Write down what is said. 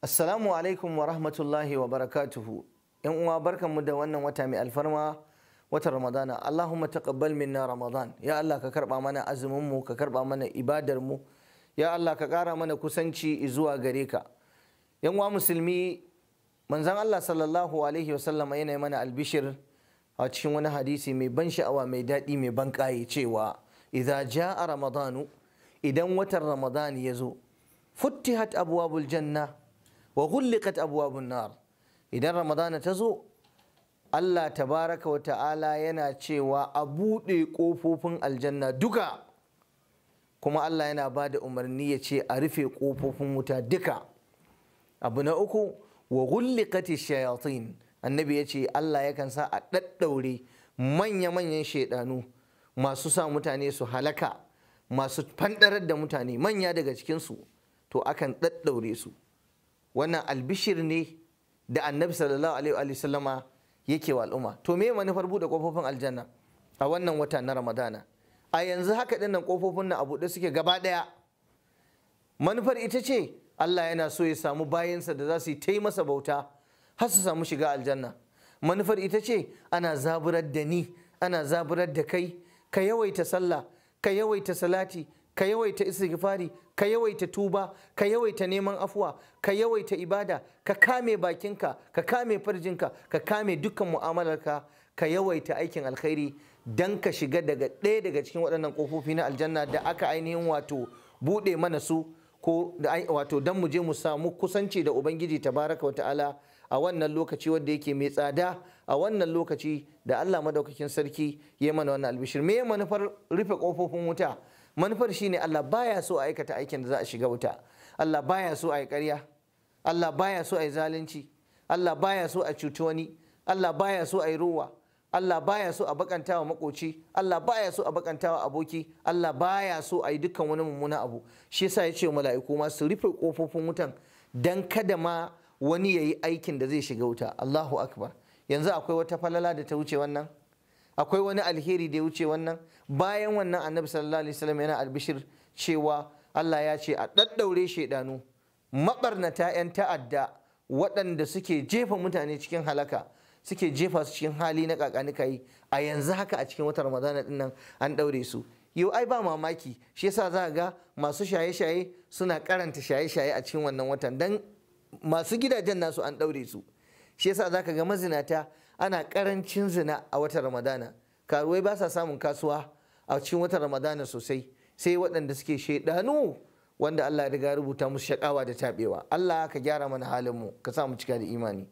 Assalamu alaikum wa rahmatullahi wa barakatuhu. ‘Yan uwa mu da wannan wata mai alfarma watan Ramadana. Allahumma taqabbal minna Ramadan. Ya Allah ka karba mana azumin mu, ka karba mana ibadar mu. Ya Allah ka ƙara mana kusanci zuwa gare ka. ‘Yan uwa musulmi manzon Allah sallallahu alaihi wa sallama yana mana albishir a cikin wani hadisi mai ban sha'awa mai daɗi mai ban ƙaye cewa idza ja'a Ramadanu idan watan Ramadan ya zo futtihat abwabul janna wa ghulliqat abuwa nar idan ramadana ta zo Allah tabaraka wa ta'ala yana cewa a buɗe ƙofofin aljanna duka kuma Allah yana ba da umarni ya ce a rufe ƙofofin wuta duka abu na uku wa ghulliqati shayatin annabi ya ce Allah yakan sa a ɗaɗɗaure manya-manyan shaidanu masu sa mutane su halaka masu fanɗarar da mutane manya daga cikinsu to akan ɗaɗɗaure su wannan albishir ne da annabi sallallahu alaihi sallama yake wa al'umma to me manufar bude kofofin aljanna a wannan wata na ramadana a yanzu haka dinnan kofofin nan abu buɗe suke gaba ɗaya manufar ita ce Allah yana so ya samu bayansa da za su yi ta yi masa bauta har su samu shiga aljanna manufar ita ce ana zaburar da ni ana zaburar da kai ka yawaita sallah ka yawaita salati ka yawaita istighfari ka yawaita tuba ka yawaita neman afuwa ka yawaita ibada ka kame bakinka ka kame farjinka ka kame dukkan mu'amalarka ka yawaita aikin alkhairi don ka shiga daga ɗaya daga cikin waɗannan ƙofofi na aljanna da aka ainihin wato buɗe mana su ko wato don mu je mu samu kusanci da ubangiji tabaraka wa ta'ala a wannan lokaci wanda yake mai tsada a wannan lokaci da Allah madaukakin sarki ya mana wannan albishir me manufar rufe kofofin wuta manufar shine Allah baya so a aikata aikin da za a shiga wuta Allah baya so a yi ƙarya Allah baya so a yi zalunci Allah baya so a cuci wani Allah baya so a yi ruwa Allah baya so a bakantawa makoci Allah baya so a bakantawa aboki Allah baya so a yi dukkan wani mummuna abu shi yasa ya ce mala'iku ma su rufe kofofin wutan dan kada ma wani ya yi aikin da zai shiga wuta Allahu akbar yanzu akwai wata falala da ta wuce wannan akwai wani alheri da ya wuce wannan bayan wannan annabi sallallahu alaihi wasallam yana albishir cewa Allah ya ce a daddaure shaidanu mabarnata yan ta'adda waɗanda suke jefa mutane cikin halaka suke jefa su cikin hali na kakanika yi a yanzu haka a cikin watan ramadana din nan an ɗaure su yau ai ba mamaki shi yasa za ga masu shaye-shaye suna karanta shaye-shaye a cikin wannan watan dan masu gidajen nasu an ɗaure su shi yasa zaka ga mazinata ana karancin zina a watan ramadana karuwai ba sa samun kasuwa a cikin watan ramadana sosai sai waɗanda suke shaidanu wanda Allah ya riga rubuta musu shakawa da tabewa Allah ka gyara mana halin mu ka sa mu cika da imani